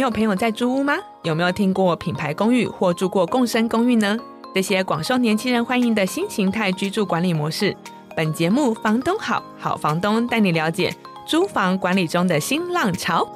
你有朋友在租屋嗎？有沒有聽過品牌公寓或住過共生公寓呢？這些廣受年輕人歡迎的新形態居住管理模式，本節目房東好好房東帶你了解租房管理中的新浪潮。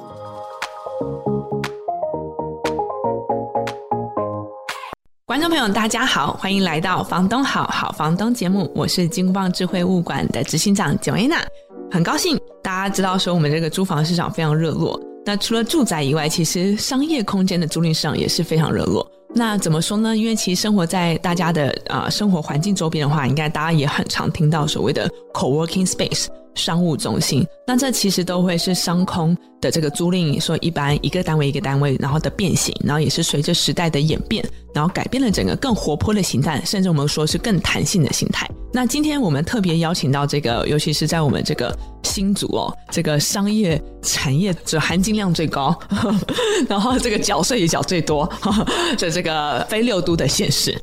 觀眾朋友，大家好，歡迎來到房東好好房東節目，我是金箍棒智慧物管的執行長 Joanna，很高興大家知道說我們這個租房市場非常熱絡。那除了住宅以外，其實商業空間的租賃市場也是非常熱絡。那怎麼說呢？因為其實生活在大家的啊、呃、生活環境周邊的話，應該大家也很常聽到所謂的 co-working space 商務中心。那這其實都會是商空。的這個租賃，說一般一個單位一個單位，然後的變形，然後也是隨着時代的演變，然後改變了整個更活潑的形態，甚至我們說是更彈性的形態。那今天我們特別邀請到這個，尤其是在我們這個新竹哦，這個商業產業就含金量最高，呵呵，然後這個繳稅也繳最多的這個非六都的縣市。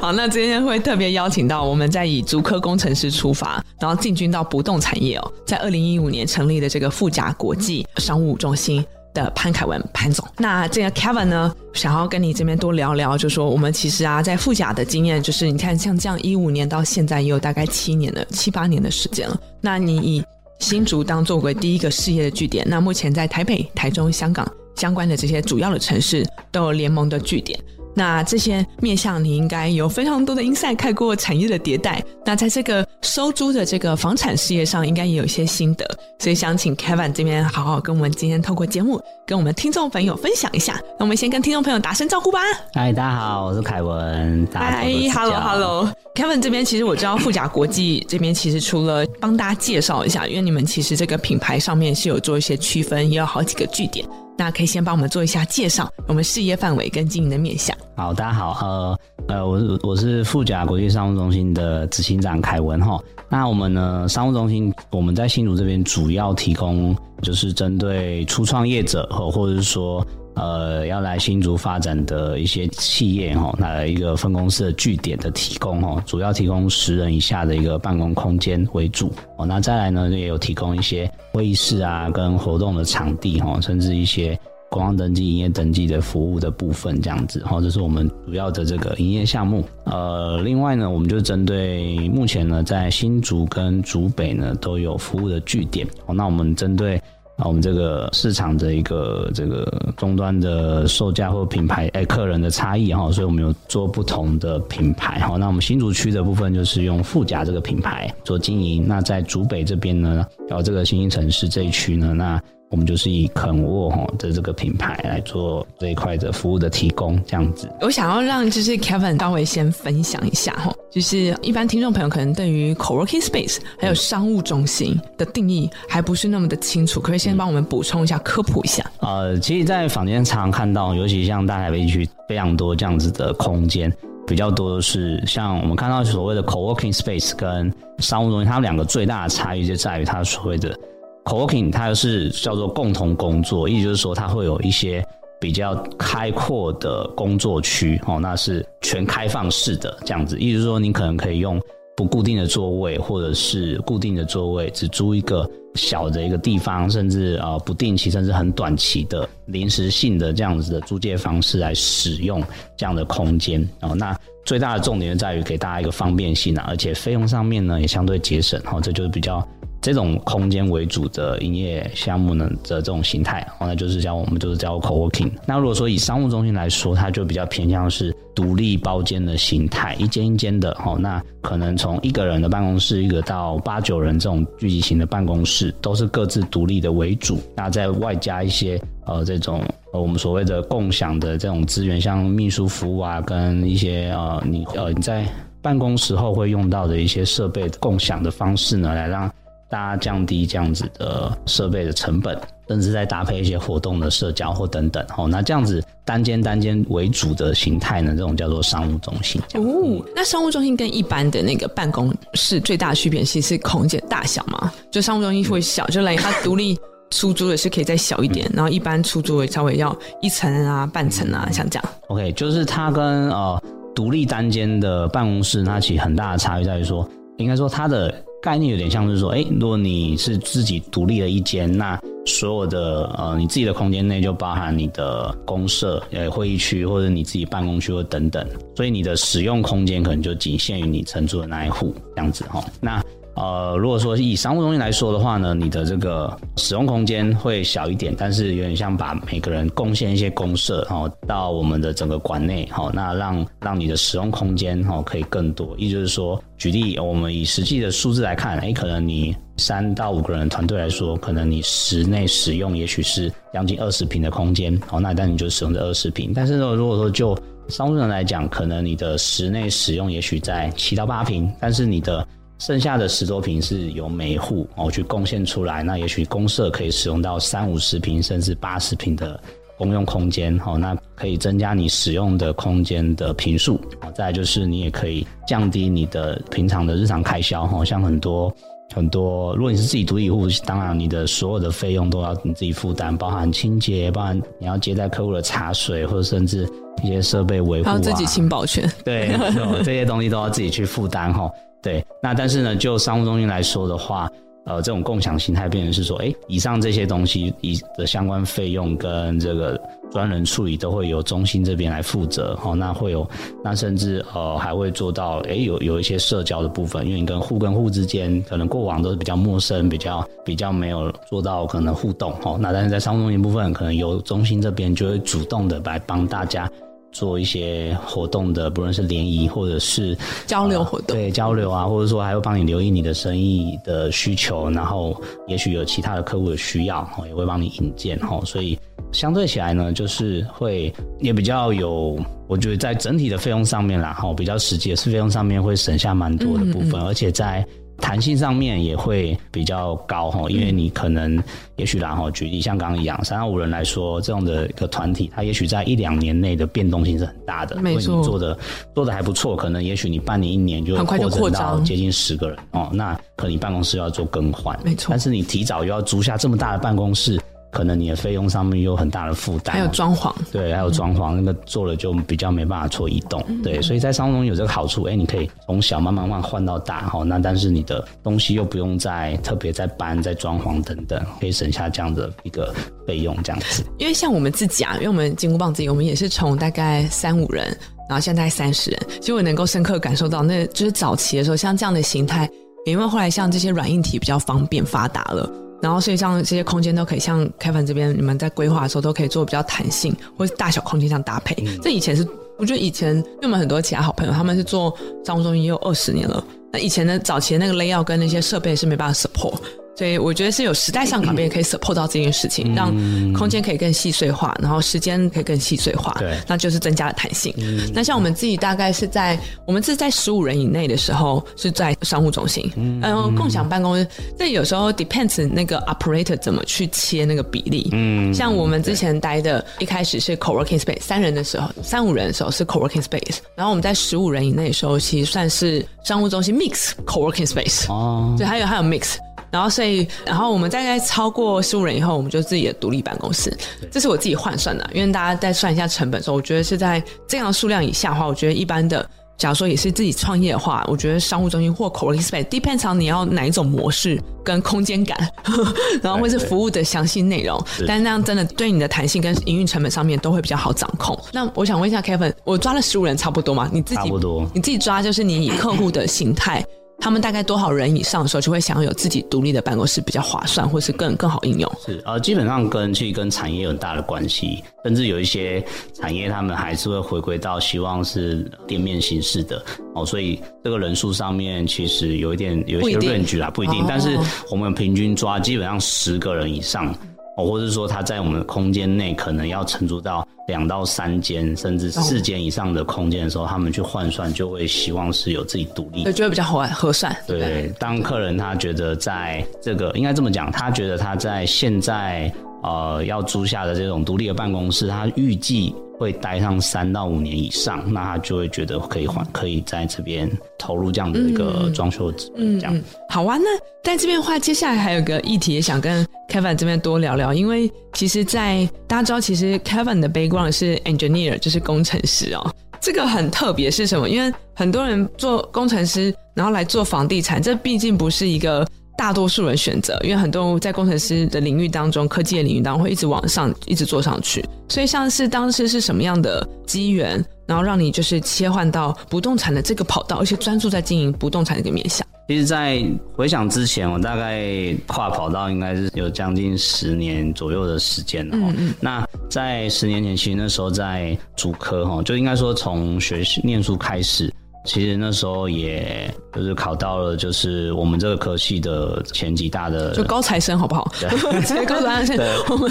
好，那今天會特別邀請到我們在以竹科工程師出發，然後進軍到不動產業哦，在二零一五年成立的這個富甲國際。商務中心的潘凱文潘總，那這個 Kevin 呢，想要跟你這邊多聊聊，就是說我們其實啊，在富甲的經驗，就是你看像這樣一五年到現在也有大概七年了，七八年的時間了。那你以新竹當作為第一個事業的據點，那目前在台北、台中、香港相關的這些主要的城市都有聯盟的據點。那這些面向你應該有非常多的 insight，看過產業的迭代，那在這個收租的這個房產事業上應該也有一些心得，所以想請凱文這邊好好跟我們今天透過節目跟我們聽眾朋友分享一下。那我們先跟聽眾朋友打聲招呼吧。嗨，大家好，我是凱文。嗨，Hello Hello，凱文這邊其實我知道富甲國際這邊其實除了幫大家介紹一下，因為你們其實這個品牌上面是有做一些區分，也有好幾個據點。那可以先幫我們做一下介紹，我們事業範圍跟經營的面向。好，大家好，呃呃，我是我是富甲國際商務中心的執行長凱文哈。那我們呢，商務中心，我們在新竹這邊主要提供就是針對初創業者和或者是說。呃，要來新竹發展的一些企業哈，那、哦、一個分公司的據點的提供哈、哦，主要提供十人以下的一個辦公空間為主哦。那再來呢，也有提供一些會議室啊，跟活動的場地哈、哦，甚至一些工商登記、營業登記的服務的部分這樣子哈、哦，這是我們主要的這個營業項目。呃，另外呢，我們就針對目前呢，在新竹跟竹北呢都有服務的據點、哦、那我們針對。啊，我們這個市場的一個這個終端的售價或品牌，哎，客人的差異哈，所以我們有做不同的品牌哈。那我們新竹區的部分就是用富甲這個品牌做經營。那在竹北這邊呢，然後這個新興城市這一區呢，那。我們就是以肯沃吼的這個品牌來做這一塊的服務的提供，這樣子。我想要讓就是 Kevin 稍微先分享一下吼，就是一般聽眾朋友可能對於 co-working space 還有商務中心的定義還不是那麼的清楚，嗯、可不可以先幫我們補充一下、嗯、科普一下。呃，其實，在坊間常常看到，尤其像大台北區非常多這樣子的空間，比較多的是像我們看到所謂的 co-working space 跟商務中心，它們兩個最大的差異就在於它所謂的。Co-working，它是叫做共同工作，意思就是說，它會有一些比較開闊的工作區，哦，那是全開放式的這樣子。意思就是說，你可能可以用不固定的座位，或者是固定的座位，只租一個小的一個地方，甚至啊不定期，甚至很短期的臨時性的這樣子的租借方式來使用這樣的空間。哦，那最大的重點在於給大家一個方便性呢啊，而且費用上面呢也相對節省，哦，這就是比較。這種空間為主的營業項目呢的這種形態，然後就是像我們就是叫、就是叫 co-working。那如果說以商務中心來說，它就比較偏向是獨立包間的形態，一間一間的。那可能從一個人的辦公室，一個到八九人這種聚集型的辦公室，都是各自獨立的為主。那再外加一些呃這種呃我們所謂的共享的這種資源，像秘書服務啊，跟一些呃你呃你在辦公時候會用到的一些設備共享的方式呢，來讓。大家降低這樣子的設備的成本，甚至再搭配一些活動的社交或等等哦。那這樣子單間單間為主的形態呢，這種叫做商務中心哦、嗯。那商務中心跟一般的那個辦公室最大的區別，其實是空間大小嘛。就商務中心會小，嗯、就來它獨立出租的是可以再小一點，嗯、然後一般出租也稍微要一層啊、半層啊，像這樣。OK，就是它跟呃獨立單間的辦公室，它其實很大的差異在於說，應該說它的。概念有點像是說，哎，如果你是自己獨立的一間，那所有的呃，你自己的空間內就包含你的公設，呃，會議區或者你自己辦公區或等等，所以你的使用空間可能就僅限於你承租的那一戶這樣子哈、哦。那呃，如果說以商務中心來說的話呢，你的這個使用空間會小一點，但是有點像把每個人貢獻一些公社，然後到我們的整個館內，好、哦，那讓讓你的使用空間哦可以更多。也就是說，舉例我們以實際的數字來看，誒，可能你三到五個人的團隊來說，可能你室內使用也許是將近二十平的空間，好、哦，那但你就使用這二十平。但是呢，如果說就商務中心來講，可能你的室內使用也許在七到八平，但是你的。剩下的十多平是由每一戶哦去貢獻出來，那也許公設可以使用到三五十平甚至八十平的公用空間哦，那可以增加你使用的空間的坪數、哦，再來就是你也可以降低你的平常的日常開銷哈、哦，像很多。很多，如果你是自己獨立戶，當然你的所有的費用都要你自己負擔，包含清潔，包含你要接待客戶的茶水，或者甚至一些設備維護啊，自己請保全，對， 這些東西都要自己去負擔哈。對，那但是呢，就商務中心來說的話。呃，這種共享形態變成是說，哎、欸，以上這些東西，以的相關費用跟這個專人處理都會由中心這邊來負責哦。那會有，那甚至呃還會做到，哎、欸，有有一些社交的部分，因為你跟戶跟戶之間可能過往都是比較陌生，比較比較沒有做到可能互動哦。那但是在商務中心部分，可能由中心這邊就會主動的來幫大家。做一些活動的，不論是聯誼或者是交流活動，呃，對，交流啊，或者說還會幫你留意你的生意的需求，然後也許有其他的客戶的需要，也會幫你引薦哈。所以相對起來呢，就是會也比較有，我覺得在整體的費用上面啦，然後比較實際的是費用上面會省下蠻多的部分，嗯嗯嗯。而且在。彈性上面也會比較高吼，因為你可能、嗯、也許然後舉例像剛剛一樣，三到五人來說這樣的一個團體，它也許在一兩年內的變動性是很大的。沒錯，你做的做的還不錯，可能也許你半年一年就會擴展到接近十個人哦，那可能你辦公室要做更換。沒錯，但是你提早又要租下這麼大的辦公室。可能你的費用上面有很大的負擔，還有裝潢，對，還有裝潢，嗯、那個做了就比較沒辦法做移動，對，所以在商務中有這個好處，哎、欸，你可以從小慢慢慢換到大，好，那但是你的東西又不用再特別再搬、再裝潢等等，可以省下這樣的一個費用，這樣子。因為像我們自己啊，因為我們金箍棒自己，我們也是從大概三五人，然後現在大概三十人，其實我能夠深刻感受到，那就是早期的時候像這樣的形態，因為後來像這些軟硬體比較方便發達了。然後所以像這些空間都可以，像 Kevin 這邊，你們在規劃的時候都可以做比較彈性，或是大小空間上搭配。這以前是，我覺得以前因為我們很多其他好朋友，他們是做商務中心也有二十年了，那以前的早期的那個 layout 跟那些設備是沒辦法 support。所以我覺得是有時代上改變可以 support 到這件事情，咳咳嗯、讓空間可以更細碎化，然後時間可以更細碎化，對那就是增加了彈性。嗯、那像我們自己大概是在、嗯、我們是在十五人以內的時候是在商務中心，嗯，然後共享辦公室。嗯、這有時候 depends 那個 operator 怎麼去切那個比例。嗯，像我們之前待的對一開始是 co-working space 三人的時候，三五人的時候是 co-working space，然後我們在十五人以內的時候其實算是商務中心 mix co-working space。哦，對還有還有 mix。然後，所以，然後我們大概超過十五人以後，我們就自己的獨立辦公室。這是我自己換算的，因為大家在算一下成本的時候，我覺得是在這樣的數量以下的話，我覺得一般的，假如說也是自己創業的話，我覺得商務中心或 co-working space，depends on 你要哪一種模式跟空間感，呵呵對然後或是服務的詳細內容。但是那樣真的對你的彈性跟營運成本上面都會比較好掌控。那我想問一下 Kevin，我抓了十五人差不多嗎？你自己，你自己抓就是你以客戶的形態。 他們大概多少人以上的時候就會想要有自己獨立的辦公室比較划算，或是更更好應用？是呃，基本上跟其實跟產業有很大的關係，甚至有一些產業他們還是會回歸到希望是店面形式的哦，所以這個人數上面其實有一點有一些 range 啊，不一定，不一定，但是我們平均抓基本上十個人以上。或是說他在我們的空間內可能要承租到兩到三間，甚至四間以上的空間的時候，他們去換算就會希望是有自己獨立的，也覺得比較合合算。對，對，對，當客人他覺得在這個應該這麼講，他覺得他在現在。呃，要租下的這種獨立的辦公室，他預計會待上三到五年以上，那他就會覺得可以換，可以在這邊投入這樣的一個裝修，這樣。嗯嗯、好啊，那在這邊的話，接下來還有個議題也想跟 Kevin 這邊多聊聊，因為其實在，在大家知道，其實 Kevin 的 background 是 engineer，就是工程師哦、喔，這個很特別是什麼？因為很多人做工程師，然後來做房地產，這畢竟不是一個。大多數人選擇，因為很多在工程師的領域當中，科技的領域當中會一直往上，一直做上去。所以像是當時是什麼樣的機緣，然後讓你就是切換到不動產的這個跑道，而且專注在經營不動產這個面向？其實，在回想之前，我大概跨跑道應該是有將近十年左右的時間了。嗯。那在十年前，其實那時候在主科哈，就應該說從學習念書開始。其實那時候也就是考到了，就是我們這個科系的前幾大的，就高材生好不好？對，高材生，對，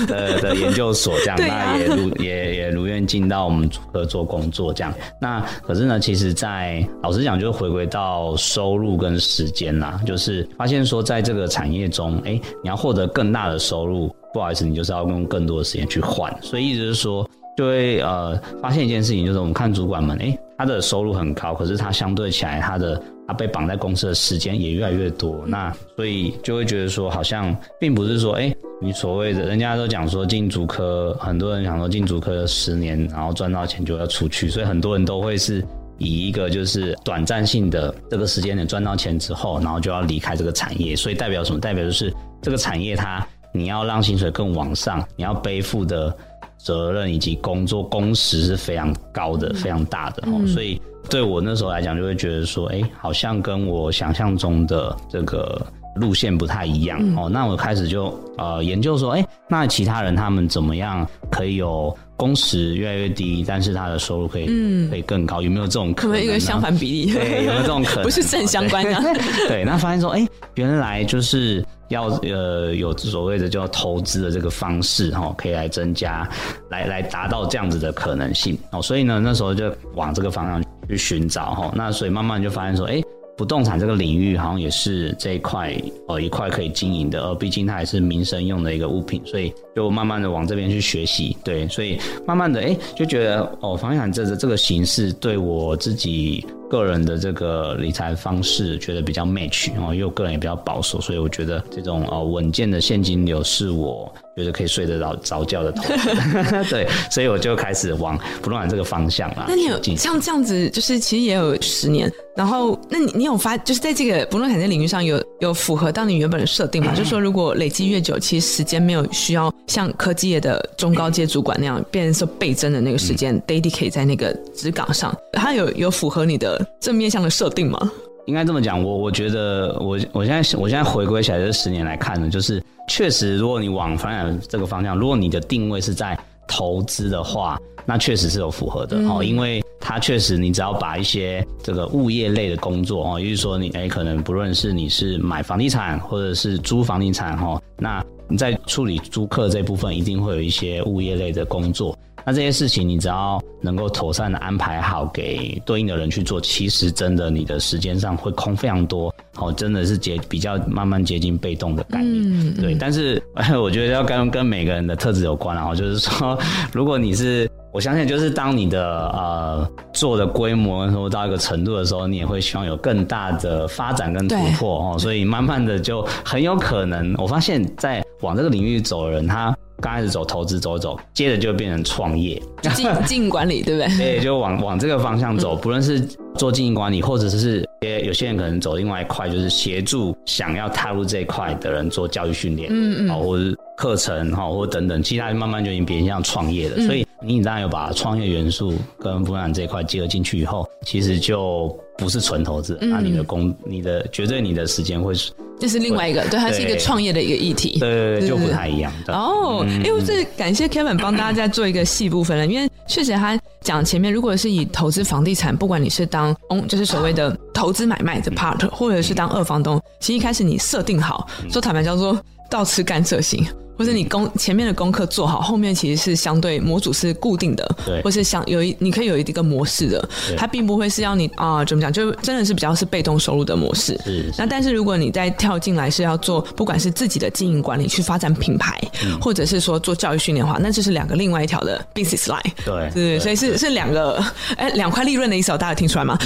對，呃的研究所這樣，那也如也也如願進到我們竹科做工作這樣。那可是呢，其實，在老實講，就是回歸到收入跟時間啦，就是發現說，在這個產業中，哎，你要獲得更大的收入，不好意思，你就是要用更多的時間去換。所以意思是說，就會呃發現一件事情，就是我們看主管們，哎。他的收入很高，可是他相對起來，他的他被綁在公司的時間也越來越多。那所以就會覺得說，好像並不是說，哎，你所謂的，人家都講說，進竹科，很多人想說進竹科十年，然後賺到錢就要出去。所以很多人都會是以一個就是短暫性的這個時間點賺到錢之後，然後就要離開這個產業。所以代表什麼？代表就是這個產業，它你要讓薪水更往上，你要背負的。責任以及工作工時是非常高的，嗯、非常大的、嗯、所以對我那時候來講，就會覺得說，哎、欸，好像跟我想象中的這個路線不太一樣哦、嗯喔。那我開始就呃研究說，哎、欸，那其他人他們怎麼樣可以有工時越來越低，但是他的收入可以嗯可以更高？有沒有這種可能、啊？因為相反比例，對、欸，有沒有這種可能、啊？ 不是正相關的、啊，對。對 對，那發現說，哎、欸，原來就是。要呃有所謂的叫投資的這個方式哈、喔，可以來增加，來來達到這樣子的可能性哦、喔。所以呢，那時候就往這個方向去尋找哈、喔。那所以慢慢就發現說，哎、欸，不動產這個領域好像也是這一塊呃、喔、一塊可以經營的，呃、喔，畢竟它也是民生用的一個物品，所以就慢慢的往這邊去學習。對，所以慢慢的哎、欸、就覺得哦，房地產這個這個形式對我自己。個人的這個理財方式覺得比較 match 哦，因為我個人也比較保守，所以我覺得這種呃哦、穩健的現金流是我覺得可以睡得着着覺的頭的 對，所以我就開始往不動產這個方向啦。那你有行像這樣子，就是其實也有十年，然後那你你有發，就是在這個不動產這領域上有有符合到你原本的設定嗎？嗯、就是說如果累積越久，其實時間沒有需要像科技業的中高階主管那樣變成倍增的那個時間，daily 可以在那個職崗上，它有有符合你的。正面向的設定嗎？應該這麼講，我我覺得我我現在我現在回歸起來這十年來看呢，就是確實，如果你往房產這個方向，如果你的定位是在投資的話，那確實是有符合的哦，嗯，因為它確實你只要把一些這個物業類的工作哦，也就是說你哎，欸，可能不論是你是買房地產或者是租房地產哦，那你在處理租客這部分，一定會有一些物業類的工作。那這些事情，你只要能夠妥善的安排好給對應的人去做，其實真的你的時間上會空非常多，哦，真的是結比較慢慢接近被動的概念，嗯、對。但是我覺得要跟跟每個人的特質有關、啊，然後就是說，如果你是，我相信就是當你的呃做的規模然後到一個程度的時候，你也會希望有更大的發展跟突破對哦，所以慢慢的就很有可能，我發現，在往這個領域走的人他。剛開始走投資走一走，接着就變成創業，經營管理，對不對？ 對，就往往這個方向走。不論是做經營管理，嗯、或者是有些人可能走另外一塊，就是協助想要踏入這一塊的人做教育訓練，嗯嗯，好，或者是課程哈，或者等等。其他慢慢就已經變成像創業了。嗯、所以你當然有把創業元素跟孵卵這一塊結合進去以後，其實就不是純投資，那你的工、嗯、你的絕對你的時間會是。這是另外一個，對，對，它是一個創業的一個議題，對，是不是就不太一樣的。哦，因為這感謝 Kevin 幫大家再做一個細部分了，嗯、因為確實他講前面，如果是以投資房地產，嗯、不管你是當，就是所謂的投資買賣的 part，嗯、或者是當二房東，嗯、其實一開始你設定好，說、嗯、坦白叫做倒吃甘蔗型。或是你功前面的功課做好，後面其實是相對模組是固定的，對，或是像有一你可以有一個模式的，它並不會是要你啊怎麼講，就真的是比較是被動收入的模式。那但是如果你再跳進來是要做不管是自己的經營管理去發展品牌，或者是說做教育訓練的話，那就是兩個另外一條的 business line。對。對，所以是是兩個哎兩塊利潤的意思，大家聽出來嗎？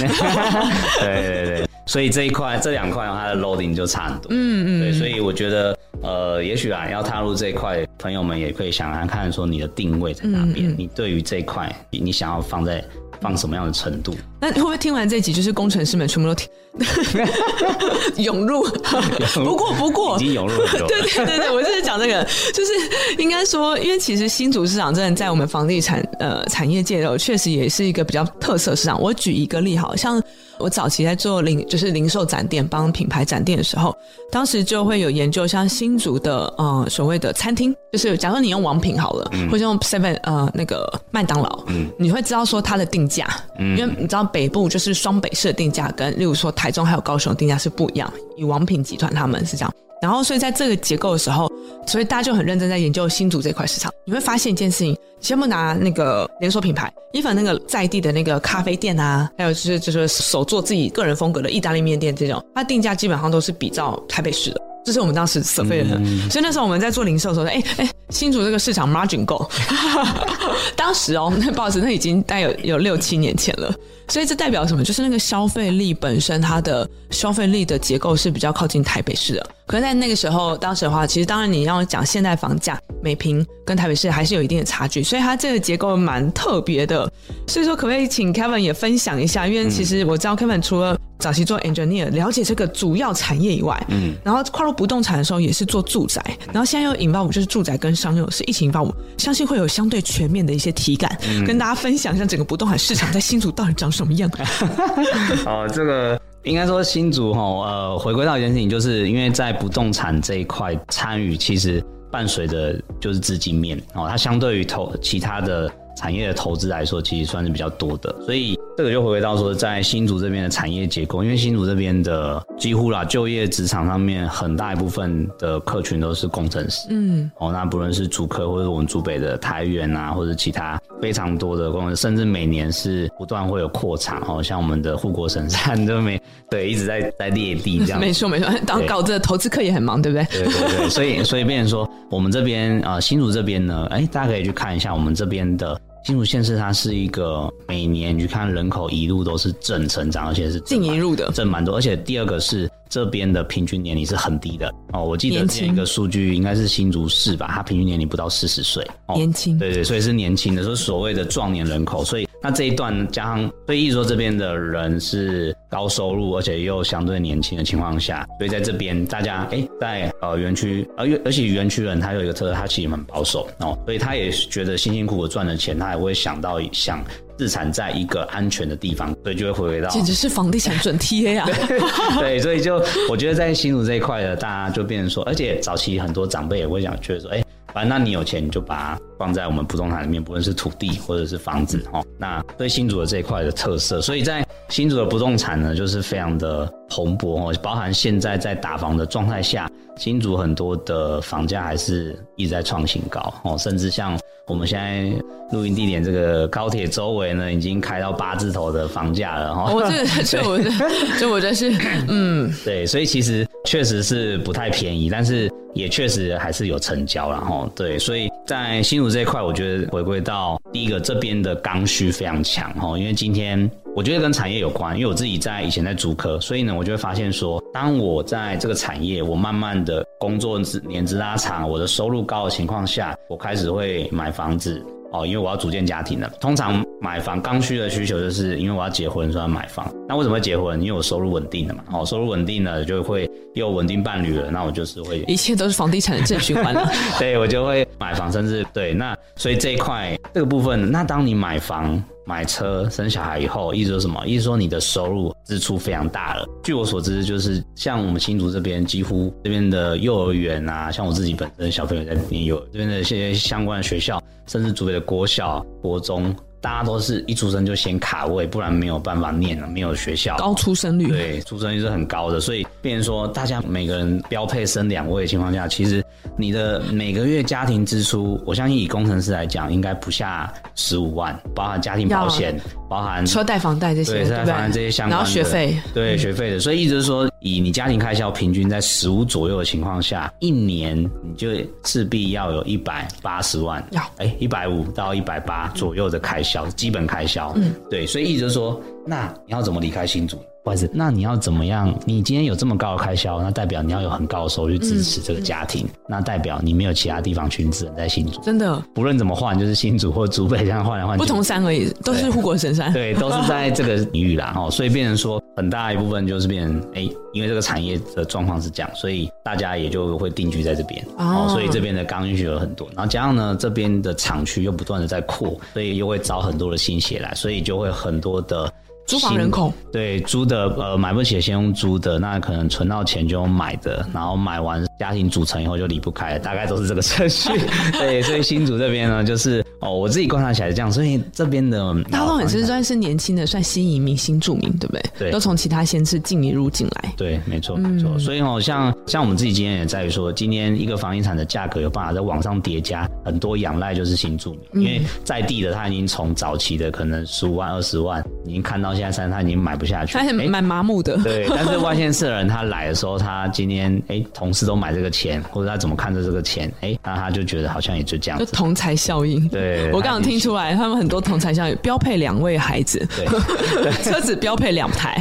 對對對，所以這一塊這兩塊它的 loading 就差很多。嗯嗯。對，所以我覺得。呃，也許啊，要踏入這一塊，朋友們也可以想想看說，你的定位在哪邊？嗯嗯、你對於這一塊，你想要放在放什麼樣的程度？那會不會聽完這集，就是工程師們全部都聽湧 入？不過不過， 已經湧入了。 對對對對，我就是在講這個， 就是應該說，因為其實新竹市場真的在我們房地產呃產業界頭，確實也是一個比較特色市場。我舉一個例好，好像。我早期在做零，就是零售展店幫品牌展店的時候，當時就會有研究，像新竹的呃所謂的餐廳，就是假如說你用王品好了，嗯、或者用 seven 呃那個麥當勞，嗯、你會知道說它的定價，嗯、因為你知道北部就是雙北市的定價跟例如說台中還有高雄的定價是不一樣，以王品集團他們是這樣。然後，所以在這個結構的時候，所以大家就很認真在研究新竹這塊市場。你會發現一件事情，先不拿那個連鎖品牌，一凡那個在地的那個咖啡店啊，還有就是就是手做自己個人風格的意大利麵店這種，它定價基本上都是比照台北市的，這，就是我們當時 survey 的。嗯、所以那時候我們在做零售的時候，誒誒新竹這個市場 margin 夠， 當時哦，那不好意思那已經大概有有六七年前了，所以這代表什麼？就是那個消費力本身它的。消費力的結構是比較靠近台北市的，可是在那個時候，當時的話，其實當然你要講現代房價每平跟台北市還是有一定的差距，所以它這個結構蠻特別的。所以說，可不可以請 Kevin 也分享一下？因為其實我知道 Kevin 除了早期做 engineer，了解這個主要產業以外，嗯，然後跨入不動產的時候也是做住宅，然後現在又引爆我們，就是住宅跟商用是疫情引爆，我相信會有相對全面的一些體感，嗯、跟大家分享一下整個不動產市場在新竹到底長什麼樣。好、 啊、這個。應該說，新竹吼，呃，回歸到一件事情，就是因為在不動產這一塊參與，其實伴隨着就是資金面哦，它相對於投其他的。產業的投資來說，其實算是比較多的，所以這個就回歸到說，在新竹這邊的產業結構，因為新竹這邊的幾乎啦，就業職場上面很大一部分的客群都是工程師，嗯，哦，那不論是竹科或者我們竹北的台元啊，或者其他非常多的工程，甚至每年是不斷會有擴產哦，像我們的護國神山都沒對，一直在在裂地這樣沒，沒錯沒錯，當搞這個投資客也很忙，對不對？對對對，所以所以變成說，我們這邊啊、呃，新竹這邊呢，哎、欸，大家可以去看一下我們這邊的。新竹縣市它是一個每年你看人口一路都是正成長，而且是進一路的，正蠻多。而且第二個是這邊的平均年齡是很低的哦，我記得之前一個數據應該是新竹市吧，它平均年齡不到四十歲，哦、年輕，對，對對，所以是年輕的，所以所謂的壯年人口，所以。那這一段加上，所以意思說這邊的人是高收入，而且又相對年輕的情況下，所以在這邊大家哎、欸，在呃園區、呃，而又而且園區人他有一個特色，他其實很保守哦，所以他也覺得辛辛苦苦賺的賺了錢，他也會想到想自產在一個安全的地方，所以就會回回到，簡直是房地產準 TA 啊 對。對，所以就我覺得在新竹這一塊的大家就變成說，而且早期很多長輩也會想，覺得說，哎、欸，反正那你有錢你就把。放在我們不動產裡面，不論是土地或者是房子哦，那對新竹的這一塊的特色，所以在新竹的不動產呢，就是非常的蓬勃哦，包含現在在打房的狀態下，新竹很多的房價還是一直在創新高哦，甚至像我們現在錄音地點這個高鐵周圍呢，已經開到八字頭的房價了哦。 對我這這 我這這我覺得是，嗯，對，所以其實確實是不太便宜，但是也確實還是有成交了哈，對，所以。在新竹這一塊，我覺得回歸到第一個，這邊的剛需非常強哈。因為今天我覺得跟產業有關，因為我自己在以前在竹科，所以呢，我就會發現說，當我在這個產業，我慢慢的工作年資拉長，我的收入高的情況下，我開始會買房子，哦，因為我要組建家庭了。通常買房剛需的需求，就是因為我要結婚，所以要買房。那為什麼會結婚？因為我收入穩定了嘛。哦，收入穩定了，就會有穩定伴侶了。那我就是會，一切都是房地產的正循環了。 對，我就會買房，甚至對那，所以這一塊這個部分，那當你買房。買車、生小孩以後，意思說什麼？意思說你的收入支出非常大了。據我所知，就是像我們新竹這邊，幾乎這邊的幼兒園啊，像我自己本身的小朋友在那邊有，這邊的一些相關的學校，甚至竹北的國小、國中。大家都是一出生就先卡位，不然沒有辦法念了，沒有學校。高出生率，對，出生率是很高的，所以變成說，大家每個人標配生兩位的情況下，其實你的每個月家庭支出，我相信以工程師來講，應該不下十五萬，包含家庭保險，要 包含車貸房貸這些，對，車貸房貸這些相關的，然後學費，對，學費的，嗯、所以一直說，以你家庭開銷平均在十五左右的情況下，一年你就勢必要有一百八十萬，要，哎、欸，一百五到一百八左右的開銷。嗯小基本開銷，嗯、對，所以意思就是說，那你要怎麼離開新竹？那你要怎麼樣？你今天有這麼高的開銷，那代表你要有很高的收入去支持這個家庭。嗯嗯、那代表你沒有其他地方群族人在新竹。真的，不論怎麼換，就是新竹或竹北這樣換來換去，不同山而已，對都是護國神山。對， 都是在這個領域啦。哦，所以變成說很大一部分就是變成哎、欸，因為這個產業的狀況是這樣，所以大家也就會定居在這邊。哦，所以這邊的剛需有很多。然後加上呢，這邊的廠區又不斷的在擴，所以又會找很多的新血來，所以就會很多的。租房人口對租的，呃，買不起，先用租的，那可能存到錢就用買的，然後買完。家庭組成以後就離不開了，大概都是這個順序。 對，所以新竹這邊呢，就是哦，我自己觀察起來是這樣，所以這邊的大陸很，然是算是年輕的，算新移民新住民，對不對？對，都從其他縣市進一入進來。對，沒錯、嗯、沒錯。所以哦，像像我們自己今天也在於說，今天一個房地產的價格有辦法在網上疊加很多仰賴，就是新住民，因為在地的他已經從早期的可能十五萬二十萬，已經看到現在三，他已經買不下去。哎，蠻麻木的。誒對， 但是外縣市的人他來的時候，他今天哎，同事都買。這個錢，或者他怎麼看着這個錢？哎、欸，那他就覺得好像也就這樣，就同才效應。對，我剛剛聽出來，他們很多同才效應對標配兩位孩子，對，對 車子標配兩台。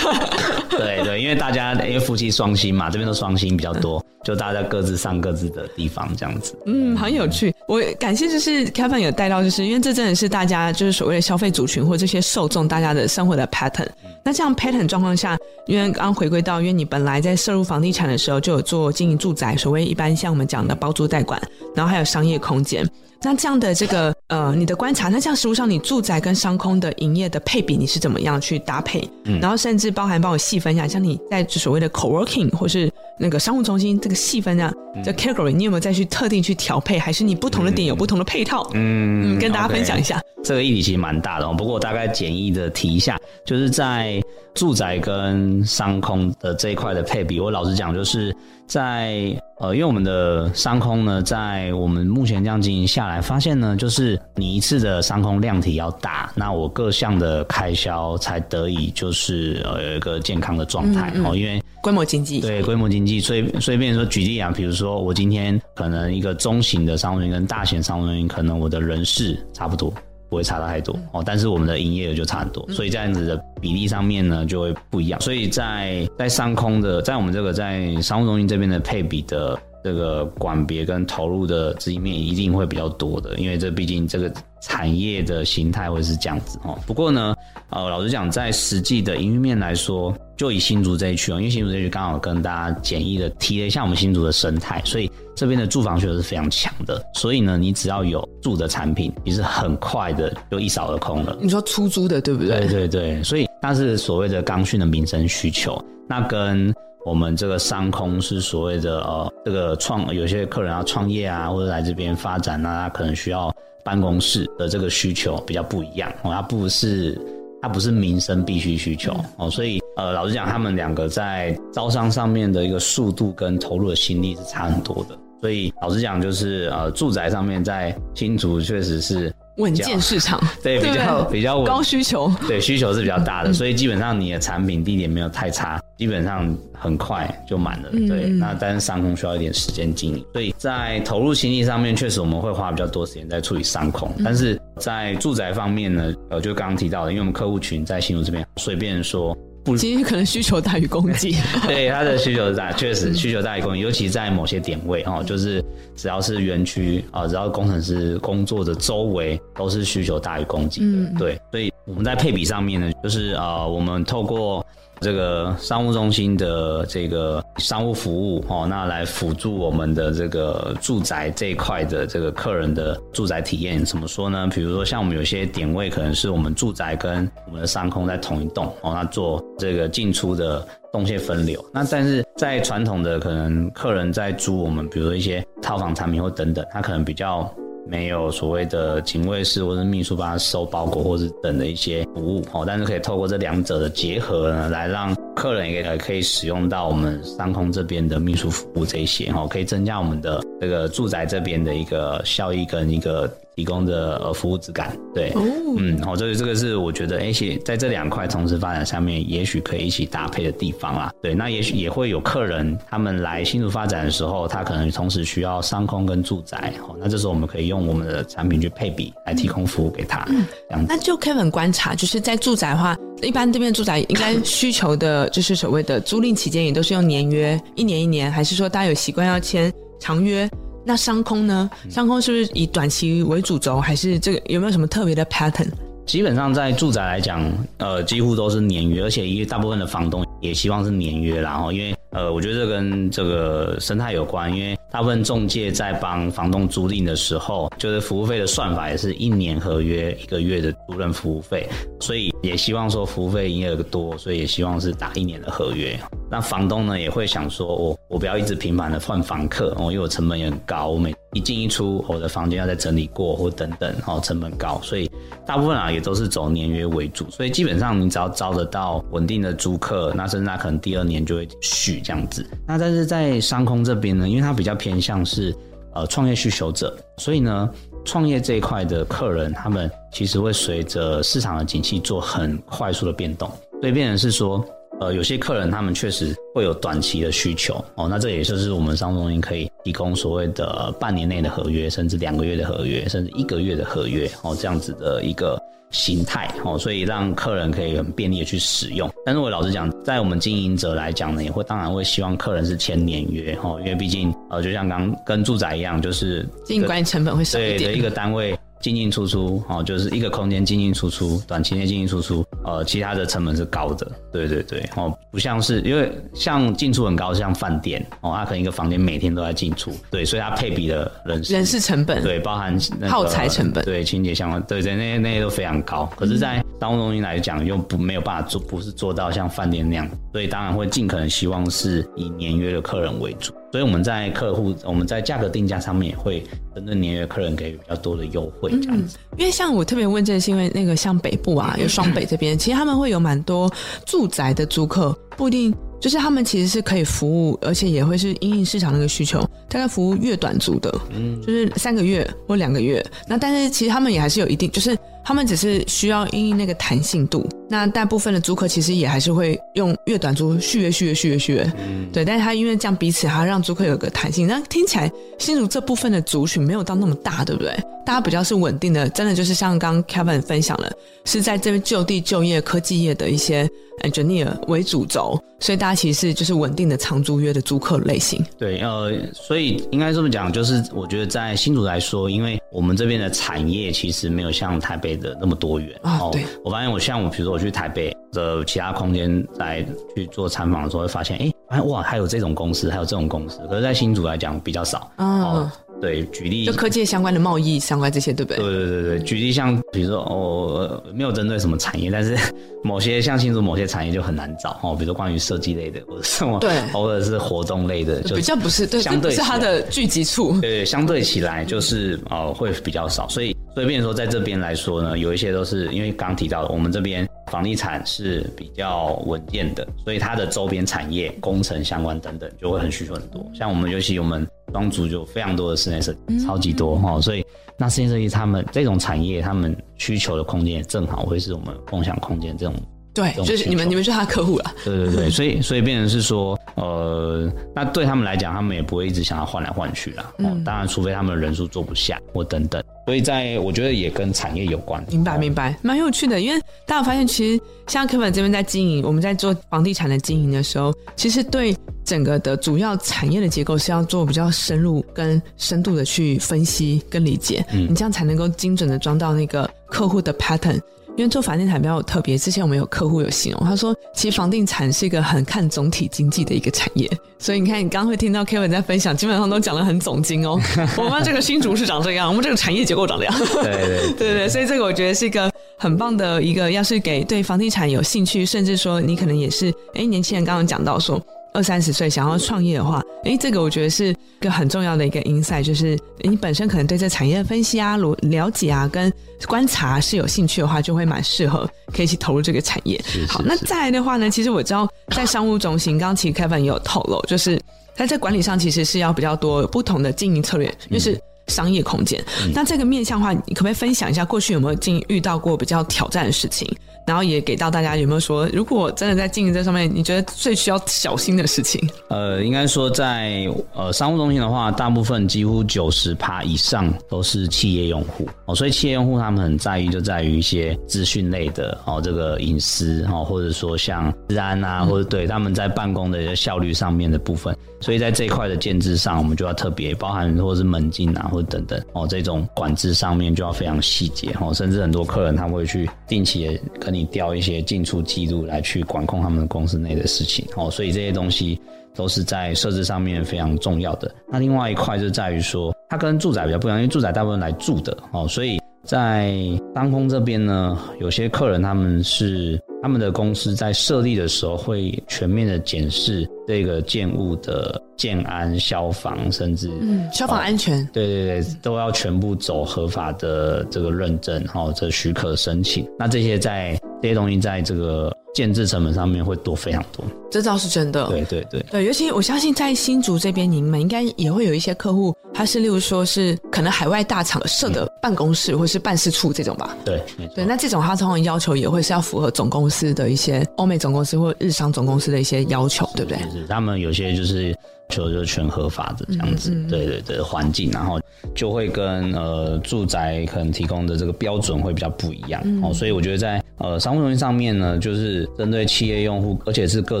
對對，因為大家因為夫妻雙薪嘛，這邊都雙薪比較多。嗯就大家各自上各自的地方，這樣子，嗯，很有趣。我感謝就是 Kevin 有帶到，就是因為這真的是大家就是所謂的消費族群或這些受眾，大家的生活的 pattern。嗯。那這樣 pattern 狀況下，因為剛回歸到，因為你本來在涉入房地產的時候就有做經營住宅，所謂一般像我們講的包租代管，然後還有商業空間。那這樣的這個呃，你的觀察，那像實物上你住宅跟商空的營業的配比，你是怎麼樣去搭配？嗯、然後甚至包含幫我細分一下，像你在所謂的 co-working 或是那個商務中心這個細分啊，這、嗯、category，你有沒有再去特定去調配？還是你不同的點有不同的配套？嗯，跟大家分享一下。嗯 okay。這個議題其實蠻大的哦，不過我大概簡易的提一下，就是在住宅跟商空的這一塊的配比，我老實講就是。在呃，因為我們的商空呢，在我們目前這樣經營下來，發現呢，就是你一次的商空量體要大，那我各項的開銷才得以就是呃，有一個健康的狀態哦，嗯嗯、因為規模經濟，對規模經濟，所以所以，變成說舉例啊，比如說我今天可能一個中型的商務中心跟大型商務中心，可能我的人事差不多。不會差太多哦，但是我們的營業額就差很多，所以這樣子的比例上面呢，就會不一樣，所以在在上空的，在我們這個在商務中心這邊的配比的。這個管別跟投入的資金面一定會比較多的，因為這畢竟這個產業的形態會是這樣子哦。不過呢，呃，老實講，在實際的營運面來說，就以新竹這一區哦，因為新竹這一區剛好跟大家簡易的提了一下我們新竹的生態，所以這邊的住房需求是非常強的。所以呢，你只要有住的產品，你是很快的就一掃而空了。你說出租的對不對？對對對，所以那是所謂的剛需的民生需求，那跟。我們這個商空是所謂的呃，這個創有些客人要創業啊，或者來這邊發展啊，可能需要辦公室的這個需求比較不一樣哦，它不是它不是民生必需需求哦，所以呃，老實講，他們兩個在招商上面的一個速度跟投入的心力是差很多的，所以老實講就是呃，住宅上面在新竹確實是。穩健市場，對，比較比較高需求，對需求是比較大的，嗯、所以基本上你的產品地點沒有太差，嗯、基本上很快就滿了，嗯、對，那但是商空需要一點時間經營，嗯、所以在投入精力上面確實我們會花比較多時間在處理商空，嗯、但是在住宅方面呢，呃，就剛剛提到的，因為我們客戶群在新竹這邊，隨便說。不其實可能需求大於供給，對，他的需求大，確實需求大於供給，尤其在某些點位哦，就是只要是園區啊，只要工程師工作的周圍都是需求大於供給的，嗯、對，所以我們在配比上面呢，就是啊、呃，我們透過。這個商務中心的這個商務服務哦，那來輔助我們的這個住宅這一塊的這個客人的住宅體驗，怎麼說呢？比如說像我們有些點位可能是我們住宅跟我們的商空在同一棟哦，那做這個進出的動線分流。那但是在傳統的可能客人在租我們，比如說一些套房產品或等等，他可能比較。沒有所謂的警衛室或者秘書幫他收包裹或者等的一些服務，哦，但是可以透過這兩者的結合呢，來讓客人也可以使用到我們商空這邊的秘書服務這些，哦，可以增加我們的這個住宅這邊的一個效益跟一個。提供的呃服務質感，對，oh. 嗯，哦，所以這個是我覺得，哎、欸，且在這兩塊同時發展下面，也許可以一起搭配的地方啦。對，那也許也會有客人，他們來新竹發展的時候，他可能同時需要商空跟住宅，哦，那這時候我們可以用我們的產品去配比，來提供服務給他。嗯，那就 Kevin 觀察，就是在住宅的話，一般這邊住宅應該需求的，就是所謂的租賃期間也都是用年約一年一年，還是說大家有習慣要簽長約？那商空呢？商空是不是以短期為主軸，嗯、還是這個有沒有什麼特別的 pattern？基本上在住宅來講，呃，幾乎都是年約，而且因為大部分的房東也希望是年約，然後因為呃，我覺得這跟這個生態有關，因為大部分中介在幫房東租賃的時候，就是服務費的算法也是一年合約一個月的租賃服務費，所以也希望說服務費營業額多，所以也希望是打一年的合約。那房東呢也會想說，我、哦。我不要一直頻繁的換房客哦，因為我成本也很高，我每一進一出，我的房間要再整理過或等等哦，成本高，所以大部分啊也都是走年約為主。所以基本上你只要招得到穩定的租客，那甚至他可能第二年就會續這樣子。那但是在商空這邊呢，因為它比較偏向是呃創業需求者，所以呢創業這一塊的客人他們其實會隨着市場的景氣做很快速的變動，所以變成是說。呃，有些客人他們確實會有短期的需求哦，那這也就是我們商務中心可以提供所謂的半年內的合約，甚至兩個月的合約，甚至一個月的合約哦，這樣子的一個形態哦，所以讓客人可以很便利的去使用。但是，我老實講，在我們經營者來講呢，也會當然會希望客人是簽年約哦，因為畢竟呃，就像剛，剛跟住宅一樣，就是經營管理成本會少一點對的一個單位。進進出出哦，就是一個空間進進出出，短期內進進出出，呃，其他的成本是高的，對對對，哦，不像是因為像進出很高，像飯店哦，他可能一個房間每天都在進出，對，所以他配比的人，人事成本，對，包含耗材成本，對，清潔相關，對對對，那些那些都非常高，可是，在商務中心來講又不沒有辦法做，不是做到像飯店那樣，所以當然會盡可能希望是以年約的客人為主。所以我們在客戶，我們在價格定價上面也會針對年月客人給予比較多的優惠，這樣子。子，嗯，因為像我特別問這是因為那個像北部啊，有雙北這邊，其實他們會有蠻多住宅的租客，不一定就是他們其實是可以服務，而且也會是因應市場那個需求，大概服務越短租的，嗯，就是三個月或兩個月。那但是其實他們也還是有一定就是。他們只是需要因應那個彈性度，那大部分的租客其實也還是會用月短租續約續約續約續約，對。但是他因為這樣彼此，他讓租客有個彈性。那聽起來新竹這部分的族群沒有到那麼大，對不對？大家比較是穩定的，真的就是像剛剛 Kevin 分享了，是在這邊就地就業科技業的一些 engineer 為主軸，所以大家其實是就是穩定的長租約的租客類型。對，呃，所以應該這麼講，就是我覺得在新竹來說，因為我們這邊的產業其實沒有像台北的那麼多元哦，對，我發現我像我，比如說我去台北的其他空間來去做參訪的時候，會發現，哎、欸，哇，還有這種公司，還有這種公司，可是，在新竹來講比較少哦。哦對，舉例就科技相關的貿易相關這些，對不對？對對對對，舉例像比如說哦，沒有針對什麼產業，但是某些像新竹某些產業就很難找哦，比如說關於設計類的，或者什麼，對，或者是活動類的，就比較不是相對是它的聚集處。對，對，相對起來就是呃、哦、會比較少，所以所以變說在這邊來說呢，有一些都是因為剛，剛提到的，我們這邊房地產是比較穩健的，所以它的周邊產業、工程相關等等就會很需求很多。嗯、像我們尤其我們。裝族就非常多的室內設計，超級多哈、嗯嗯哦，所以那室內設計他們這種產業，他們需求的空間正好會是我們共享空間這種。對，就是你們你們就是他的客戶啊。對對對，所以所以變成是說，呃，那對他們來講，他們也不會一直想要換來換去啦。哦嗯、當然，除非他們的人數坐不下或等等。所以，在我覺得也跟產業有關。明白，明白，蠻有趣的。因為大家發現，其實像 Kevin 這邊在經營，我們在做房地產的經營的時候，其實對整個的主要產業的結構是要做比較深入、跟深度的去分析跟理解。嗯，你這樣才能夠精準的抓到那個客戶的 pattern。因為做房地產比較有特別，之前我們有客戶有形容、哦，他說，其實房地產是一個很看總體經濟的一個產業。所以你看，你剛剛會聽到 Kevin 在分享，基本上都講得很總經哦。 我們這個新竹是長這樣，我們這個產業結構長這樣。 對對對，對，對，對，對。所以這個我覺得是一個很棒的一個，要是給對房地產有興趣，甚至說你可能也是，哎，年輕人剛剛講到說。二三十歲想要創業的話，哎、欸，這個我覺得是個很重要的一個 insight 就是你本身可能對這產業分析啊、如了解啊、跟觀察是有興趣的話，就會蠻適合可以去投入這個產業。是是是好，那再來的話呢，其實我知道在商務中心，剛剛 其實 Kevin 也有透露，就是他在這管理上其實是要比較多不同的經營策略，就是商業空間。嗯、那這個面向的話，你可不可以分享一下過去有沒有經遇到過比較挑戰的事情？然後也給到大家有沒有說，如果真的在經營這上面，你覺得最需要小心的事情？呃，應該說在呃商務中心的話，大部分幾乎九十趴以上都是企業用戶哦，所以企業用戶他們很在意，就在於一些資訊類的哦，這個隱私哦，或者說像治安啊，或者對他們在辦公的一個效率上面的部分，嗯，所以在這一塊的建制上，我們就要特別包含，或者是門禁啊，或者等等哦，這種管制上面就要非常細節哦，甚至很多客人他會去定期的可。你調一些進出記錄來去管控他們公司內的事情，哦，所以這些東西都是在設置上面非常重要的。那另外一塊就在於說，它跟住宅比較不一樣，因為住宅大部分來住的，哦，所以在當空這邊呢，有些客人他們是。他們的公司在設立的時候，會全面的檢視這個建物的建安、消防，甚至、嗯、消防安全、哦。對對對，都要全部走合法的這個認證，然後、哦、這個、許可申請。那這些在這些東西，在這個。建制成本上面會多非常多，這倒是真的。對對對對，尤其我相信在新竹這邊，你們應該也會有一些客戶，他是例如說是可能海外大廠設的辦公室、嗯、或是辦事處這種吧。嗯、對，沒錯對，那這種他通常要求也會是要符合總公司的一些歐美總公司或日商總公司的一些要求，嗯、對不對？是，是，是，他們有些就是。就是全合法的這樣子，對對對，環境，然後就會跟呃住宅可能提供的這個標準會比較不一樣哦，所以我覺得在呃商務中心上面呢，就是針對企業用戶，而且是各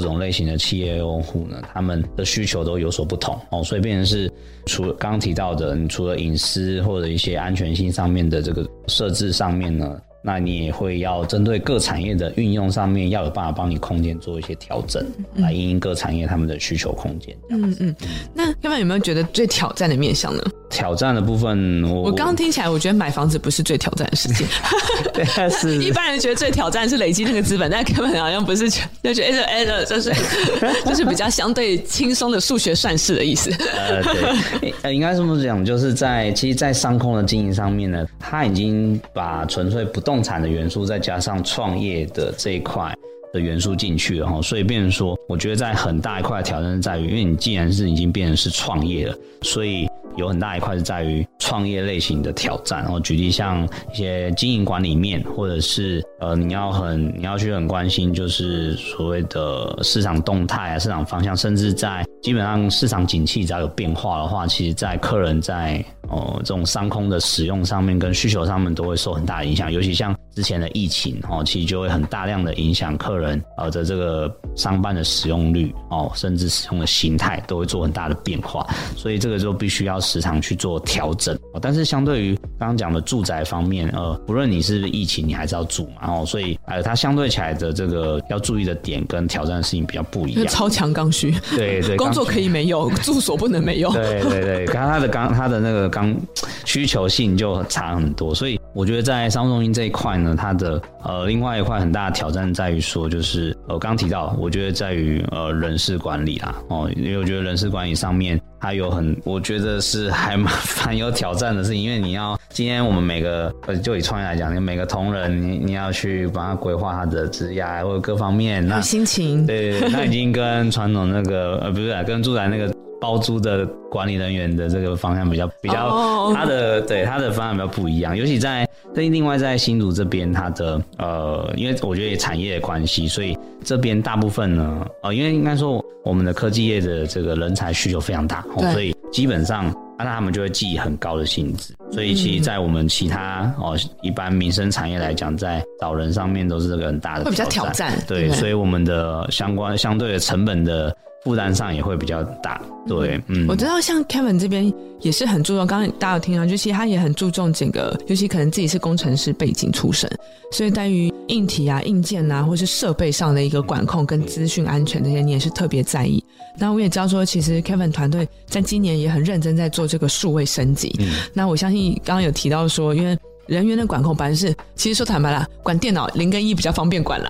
種類型的企業用戶呢，他們的需求都有所不同哦，所以變成是除剛剛提到的，除了隱私或者一些安全性上面的這個設置上面呢。那你也會要針對各產業的運用上面，要有辦法幫你空間做一些調整，來應應各產業他們的需求空間。嗯嗯，那要不然有沒有覺得最挑戰的面向呢？挑戰的部分，我我剛剛聽起來，我覺得買房子不是最挑戰的事情，但、 啊、是 一般人覺得最挑戰是累積那個資本， 但根本好像不是，就覺得就、欸欸、是就是比較相對輕鬆的數學算式的意思。 呃對，呃應該這麼講，就是在其實，在商辦的經營上面呢，他已經把純粹不動。動產的元素，再加上創業的這一塊。的元素進去，然後，所以變成說，我覺得在很大一塊的挑戰是在於，因為你既然是已經變成是創業了，所以有很大一塊是在於創業類型的挑戰。然後舉例像一些經營管理面，或者是呃，你要很你要去很關心，就是所謂的市場動態啊、市場方向，甚至在基本上市場景氣只要有變化的話，其實，在客人在哦、呃、這種商空的使用上面跟需求上面都會受很大的影響，尤其像。之前的疫情哦，其實就會很大量的影響客人呃的這個商辦的使用率哦，甚至使用的心態都會做很大的變化，所以這個就必須要時常去做調整。但是相對於剛剛講的住宅方面，呃，不論你是，是，不是疫情，你還是要住嘛，哦，所以呃，它相對起來的這個要注意的點跟挑戰性比較不一樣。超強剛需，對對，對工作可以沒有， 住所不能沒有。對對對，剛他的剛他的那個剛需求性就差很多，所以。我覺得在商務中心這一塊呢，它的呃另外一塊很大的挑戰在於說，就是呃剛剛提到，我覺得在於呃人事管理啦，哦，因為我覺得人事管理上面它有很，我覺得是還蠻有挑戰的事情，因為你要今天我們每個，呃、就以創業來講，你每個同仁，你你要去幫他規劃他的職涯或者各方面，那，心情，對，他已經跟傳統那個 呃不是、啊、跟住宅那個。包租的管理人員的這個方向比較比較，他的，oh, oh, oh. 對，他的方向比較不一樣，尤其在另外在新竹這邊，他的呃，因為我覺得也產業的關係，所以這邊大部分呢，呃，因為應該說我們的科技業的這個人才需求非常大，對所以基本上、啊、那他們就會寄很高的薪資。所以其實，在我們其他哦，呃，一般民生產業來講，在找人上面都是這個很大的，會比較挑戰，對，對所以我們的相關相對的成本的，負擔上也會比較大，對，嗯，我知道像 Kevin 這邊也是很注重，剛剛大家有聽到、啊，就其實他也很注重整個，尤其可能自己是工程師背景出身，所以對於硬體啊、硬件啊，或是設備上的一個管控跟資訊安全這些，嗯、你也是特別在意。那我也知道說，其實 Kevin 團隊在今年也很認真在做這個數位升級。嗯、那我相信剛剛有提到說，因為。人員的管控事，反正是其實說坦白了，管電腦零跟一比較方便管了，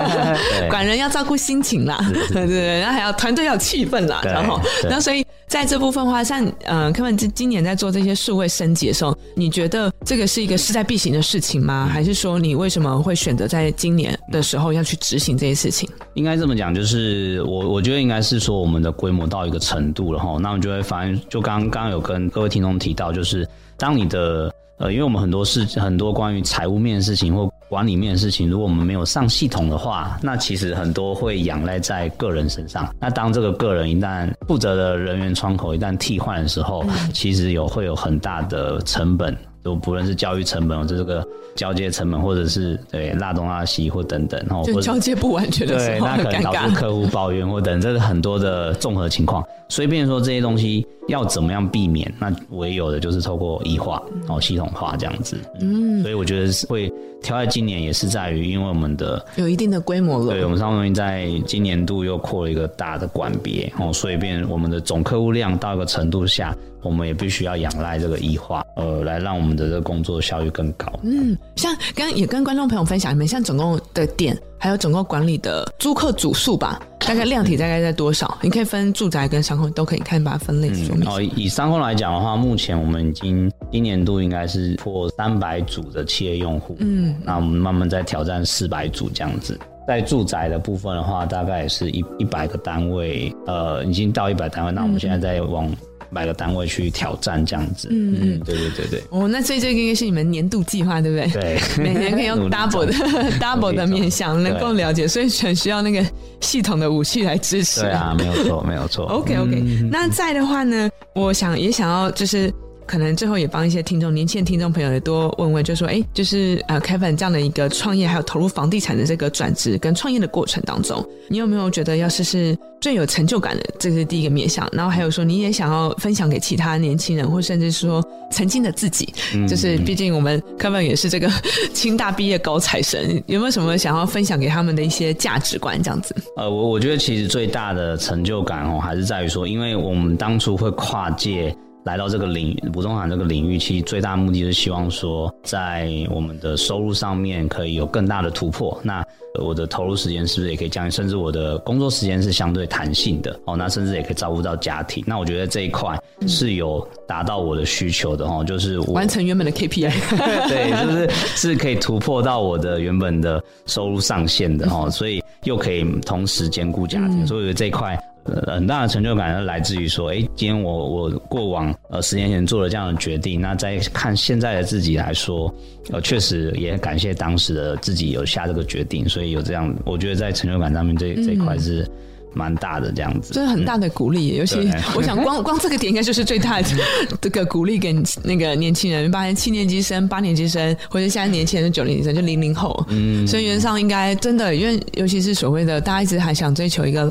對 管人要照顧心情了。對，然後還要團隊要氣氛了，然後對那所以在這部分話，像呃，他們今今年在做這些數位升級的時候，你覺得這個是一個勢在必行的事情嗎？嗯、還是說你為什麼會選擇在今年的時候要去執行這些事情？應該這麼講，就是我我覺得應該是說我們的規模到一個程度了哈，那我們就會反正就剛剛有跟各位聽眾提到，就是當你的。呃，因為我們很多事，很多關於財務面的事情或管理面的事情，如果我們沒有上系統的話，那其實很多會仰賴在個人身上。那當這個個人一旦負責的人員窗口一旦替換的時候，其實有，會有很大的成本。我不不論是教育成本，或者這個交接成本，或者是對，拉東拉西或等等，然後或者交接不完全的，的。對，那可能導致客戶抱怨或等等，這是很多的綜合情況。所以變成說這些東西要怎麼樣避免？那唯有的就是透過異化，然後、喔、系統化這樣子。嗯，所以我覺得會。挑在今年也是在於，因為我們的有一定的規模了，對我們相當於在今年度又擴了一個大的管別哦，所以變我們的總客戶量到一個程度下，我們也必須要仰賴這個異化呃，來讓我們的這個工作效率更高。嗯，像剛也跟觀眾朋友分享，你們像總共的店，還有整個管理的租客組數吧，大概量體大概在多少？嗯、你可以分住宅跟商空都可以看，可以把它分類說、嗯、哦，以商空來講的話，目前我們已經今年度應該是破三百組的企業用戶，嗯，那我們慢慢再挑戰四百組這樣子。在住宅的部分的話，大概也是一一百個單位，呃，已經到一百單位，那我們現在在往。嗯買個單位去挑戰這樣子，嗯,嗯對對對對。哦，那所以這個應該是你們年度計劃對不對？對， 每年可以用 double 的 做 double 的面向能夠了解，對所以很需要那個系統的武器來支持。對啊，沒有錯，沒有錯。 OK OK，那在的話呢，我想、嗯、也想要就是。可能最後也幫一些聽眾，年輕的聽眾朋友也多問問，就是說，哎、欸，就是呃，Kevin 這樣的一個創業，還有投入房地產的這個轉職跟創業的過程當中，你有沒有覺得，要是是最有成就感的？這是第一個面向。然後還有說，你也想要分享給其他年輕人，或甚至說曾經的自己，嗯、就是畢竟我們 Kevin 也是這個清大畢業高材生，有沒有什麼想要分享給他們的一些價值觀這樣子？呃，我我覺得其實最大的成就感哦，還是在於說，因為我們當初會跨界。來到這個領不動產這個領域，其實最大的目的是希望說，在我們的收入上面可以有更大的突破。那我的投入時間是不是也可以降低？甚至我的工作時間是相對彈性的哦，那甚至也可以照顧到家庭。那我覺得這一塊是有達到我的需求的哦。嗯、就是我完成原本的 KPI， 對，就是是可以突破到我的原本的收入上限的哦。嗯、哼所以又可以同時兼顧家庭，嗯、所以我覺得這一塊。很大的成就感來自於說，哎、欸，今天我我過往呃十年前做了這樣的決定，那再看現在的自己來說，呃，確實也感謝當時的自己有下這個決定，所以有這樣，我覺得在成就感上面這、嗯、這一塊是蠻大的這樣子，真的很大的鼓勵，嗯、尤其對我想光光這個點應該就是最大的這個鼓勵，給那個年輕人，八七年級生、八年級生，或者現在年輕人是九年級生，就零零後，嗯，所以原則上應該真的，因為尤其是所謂的大家一直還想追求一個。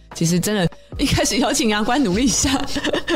其實真的，一開始邀請牙官努力一下。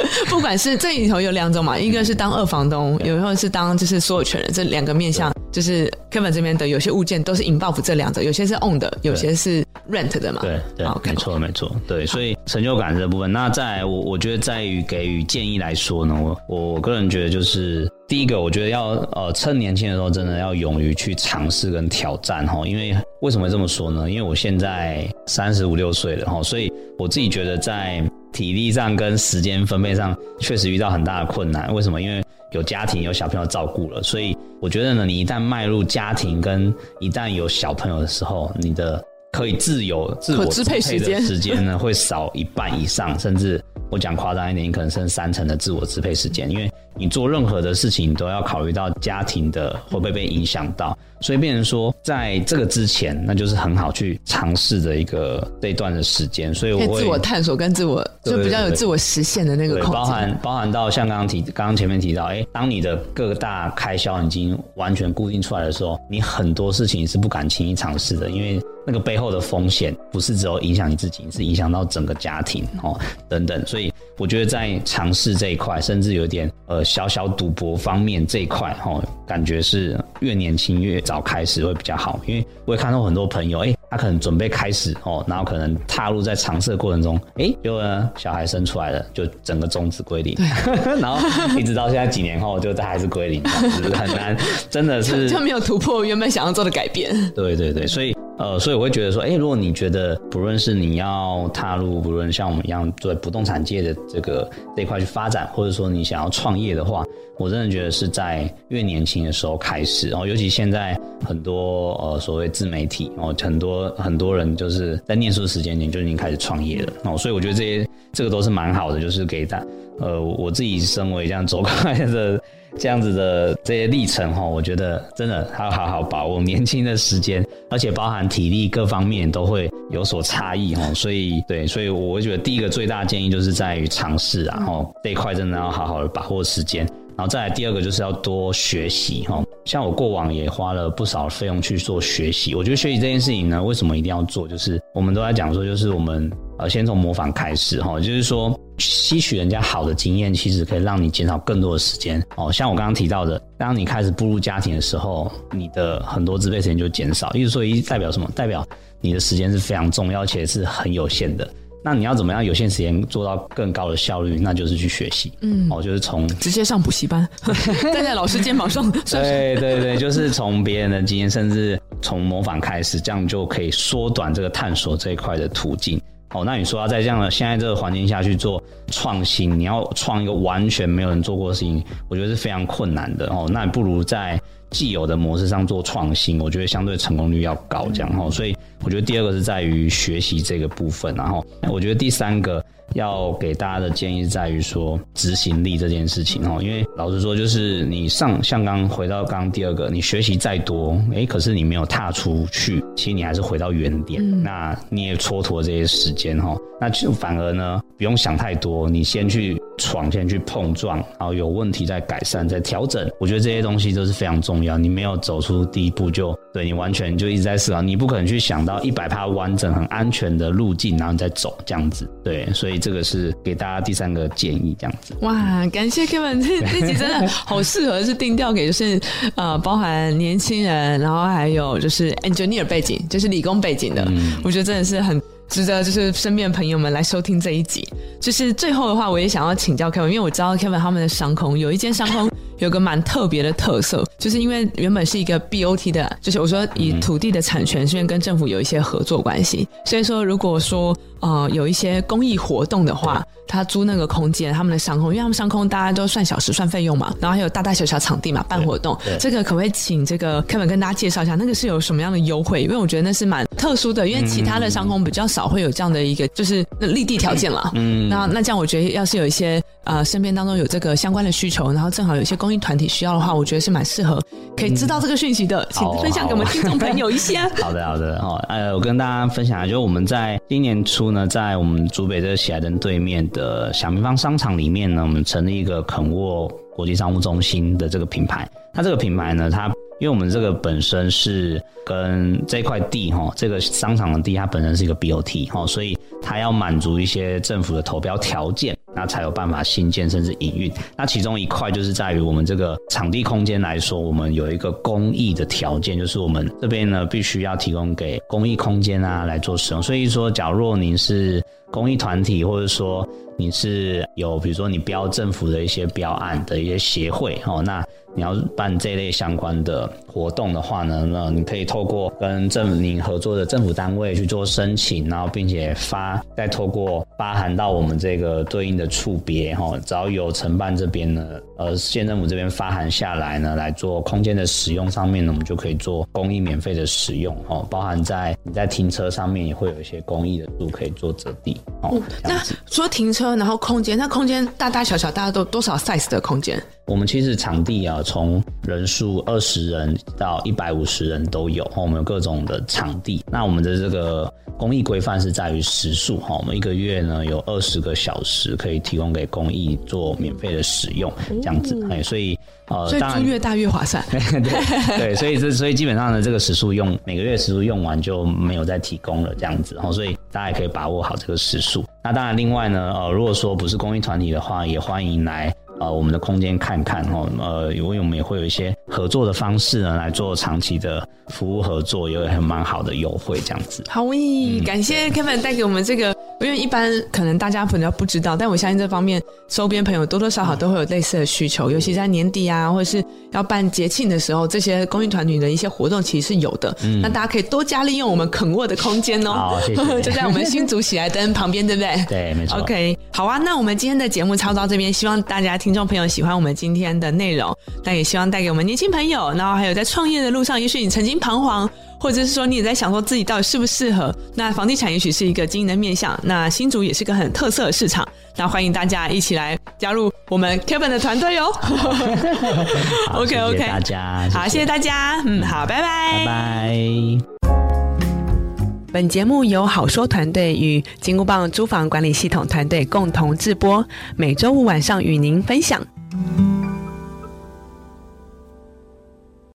不管是這裡頭有兩種嘛，一個是當二房東，嗯、有時候是當就是所有權人，嗯、這兩個面向對就是 Kevin 這邊的有些物件都是 involve 這兩者，有些是 own 的，有些是 rent 的嘛。對，對，沒錯沒錯，對，所以成就感這部分，好那再來我我覺得在於給予建議來說呢，我我個人覺得就是第一個，我覺得要呃趁年輕的時候，真的要勇於去嘗試跟挑戰齁，因為為什麼這麼說呢？因為我現在三十五六歲了齁，所以我自己覺得，在體力上跟時間分配上，確實遇到很大的困難。為什麼？因為有家庭有小朋友照顧了，所以我覺得呢，你一旦邁入家庭跟一旦有小朋友的時候，你的可以自由自我支配的時間呢，會少一半以上，甚至我講誇張一點，你可能剩三成的自我支配時間，因為。你做任何的事情，你都要考慮到家庭的會不會被影響到，所以變成說，在這個之前，那就是很好去嘗試的一個這一段的時間。所以我會以自我探索跟自我，對對對對就比較有自我實現的那個空間。包含包含到像剛剛提，剛剛前面提到，哎、欸，當你的各大開銷已經完全固定出來的時候，你很多事情你是不敢輕易嘗試的，因為。那個背後的風險不是只有影響你自己，是影響到整個家庭哦，等等。所以我覺得在嘗試這一塊，甚至有點呃小小賭博方面這一塊哦，感覺是越年輕越早開始會比較好。因為我也看到很多朋友，哎、欸，他可能準備開始哦，然後可能踏入在嘗試的過程中，哎、欸，又呢小孩生出來了，就整個終止歸零，對 然後一直到現在幾年後，就還是歸零， 就是很難，真的是就沒有突破原本想要做的改變。對對對，所以。呃，所以我會覺得說，誒如果你覺得不論是你要踏入，不論像我們一樣做不動產界的這個這一塊去發展，或者說你想要創業的話，我真的覺得是在越年輕的時候開始，然後尤其現在很多呃所謂自媒體，然後很多很多人就是在念書的時間點就已經開始創業了，那所以我覺得這些這個都是蠻好的，就是給大呃我自己身為這樣走過來的。這樣子的這些歷程哈，我覺得真的還要好好把握年輕的時間，而且包含體力各方面都會有所差異哈。所以對，所以我覺得第一個最大的建議就是在於嘗試啊，哦這一塊真的要好好的把握時間，然後再來第二個就是要多學習哈。像我過往也花了不少費用去做學習，我覺得學習這件事情呢，為什麼一定要做？就是我們都在講說，就是我們呃先從模仿開始哈，就是說。吸取人家好的經驗，其實可以讓你減少更多的時間哦。像我剛剛提到的，當你開始步入家庭的時候，你的很多支配時間就減少。也就說，一代表什麼？代表你的時間是非常重要而且是很有限的。那你要怎麼樣有限時間做到更高的效率？那就是去學習，嗯，哦，就是從直接上補習班，站 在老師肩膀上。 對對對，就是從別人的經驗，甚至從模仿開始，這樣就可以縮短這個探索這一塊的途徑。哦，那你說要在這樣的現在這個環境下去做創新，你要創一個完全沒有人做過的事情，我覺得是非常困難的哦。那你不如在既有的模式上做創新，我覺得相對成功率要高。這樣哈，哦，所以我覺得第二個是在於學習這個部分啊，然後我覺得第三個，要給大家的建議在於說執行力這件事情哦，因為老實說，就是你上像剛回到剛第二個，你學習再多，哎、欸，可是你沒有踏出去，其實你還是回到原點，嗯、那你也蹉跎這些時間哈，那就反而呢不用想太多，你先去。闖，床先去碰撞，然後有問題再改善，再調整。我覺得這些東西都是非常重要。你沒有走出第一步就，就對你完全就一直在思考，你不可能去想到一百趴完整、很安全的路徑，然後你再走這樣子。對，所以這個是給大家第三個建議，這樣子。哇，感謝 Kevin，這這集真的好適合，是定調給就是呃，包含年輕人，然後還有就是 engineer 背景，就是理工背景的，嗯、我覺得真的是很。值得就是身邊朋友們來收聽這一集。就是最後的話，我也想要請教 Kevin，因為我知道 Kevin 他們的商空有一間商空有個蠻特別的特色，就是因為原本是一個 BOT 的，就是我說以土地的產權是因為跟政府有一些合作關係，所以說如果說。呃，有一些公益活動的話，他租那個空間，對他們的商空，因為他們商空大家都算小時算費用嘛，然後還有大大小小場地嘛，辦活動，這個可不可以請這個 Kevin 跟大家介紹一下，那個是有什麼樣的優惠？因為我覺得那是蠻特殊的，因為其他的商空比較少會有這樣的一個、嗯、就是立地條件了。嗯，那那這樣我覺得要是有一些。啊、呃，身邊當中有這個相關的需求，然後正好有一些公益團體需要的話，我覺得是蠻適合可以知道這個訊息的，請分享給我們聽眾朋友一些。好的，好的，哦，呃，我跟大家分享一下，就是我們在今年初呢，在我們竹北的喜來登對面的小明方商場裡面呢，我們成立一個肯沃國際商務中心的這個品牌。它這個品牌呢，它因為我們這個本身是跟這塊地哈、哦，這個商場的地它本身是一個 BOT 哈、哦，所以它要滿足一些政府的投標條件。那才有辦法新建甚至營運。那其中一塊就是在於我們這個場地空間來說，我們有一個公益的條件，就是我們這邊呢必須要提供給公益空間啊來做使用。所以說，假如你是公益團體，或者說你是有比如說你標政府的一些標案的一些協會哦，那，你要辦這類相關的活動的話呢，那你可以透過跟政府你合作的政府單位去做申請，然後並且發，再透過發函到我們這個對應的處別哦，只要有承辦這邊呢。呃，縣政府這邊發函下來呢，來做空間的使用上面呢，我們就可以做公益免費的使用哦，包含在你在停車上面也會有一些公益的數可以做折抵哦。那除了停車，然後空間，那空間大大小小，大家都多少 size 的空間？我們其實場地啊，從人數二十人到一百五十人都有，我們有各種的場地。那我們的這個公益規範是在於時數哈，我們一個月呢有二十個小時可以提供給公益做免費的使用。嗯這樣子，哎、嗯，所以呃，所以就然越大越划算， 對，對，所以這所，所以基本上呢，這個時數用每個月時數用完就沒有再提供了，這樣子哦，所以大家也可以把握好這個時數。那當然，另外呢，呃，如果說不是公益團體的話，也歡迎來呃我們的空間看看哦，呃，因為我們也會有一些合作的方式呢，來做長期的服務合作，也有很蠻好的優惠，這樣子。好耶，咦、嗯，感謝 Kevin 帶給我們這個。因為一般可能大家可能都不知道，但我相信這方面周邊朋友多多少少好都會有類似的需求，嗯、尤其在年底啊，或者是要辦節慶的時候，這些公益團體的一些活動其實是有的。嗯、那大家可以多加利用我們肯沃的空間哦。哦謝謝 就在我們新竹喜來登旁邊，對不對？對，沒錯。OK，好啊。那我們今天的節目差不多到這邊，希望大家聽眾朋友喜歡我們今天的內容，但也希望帶給我們年輕朋友，然後還有在創業的路上也許你曾經彷徨。或者是說，你也在想說自己到底適不適合？那房地產也許是一個經營的面向，那新竹也是個很特色的市場。那歡迎大家一起來加入我們 Kevin 的團隊哦，OK OK，謝謝大家，謝謝。好，謝謝大家，嗯，好，拜拜，拜拜。本節目由好說團隊與金箍棒租房管理系統團隊共同製播，每周五晚上與您分享。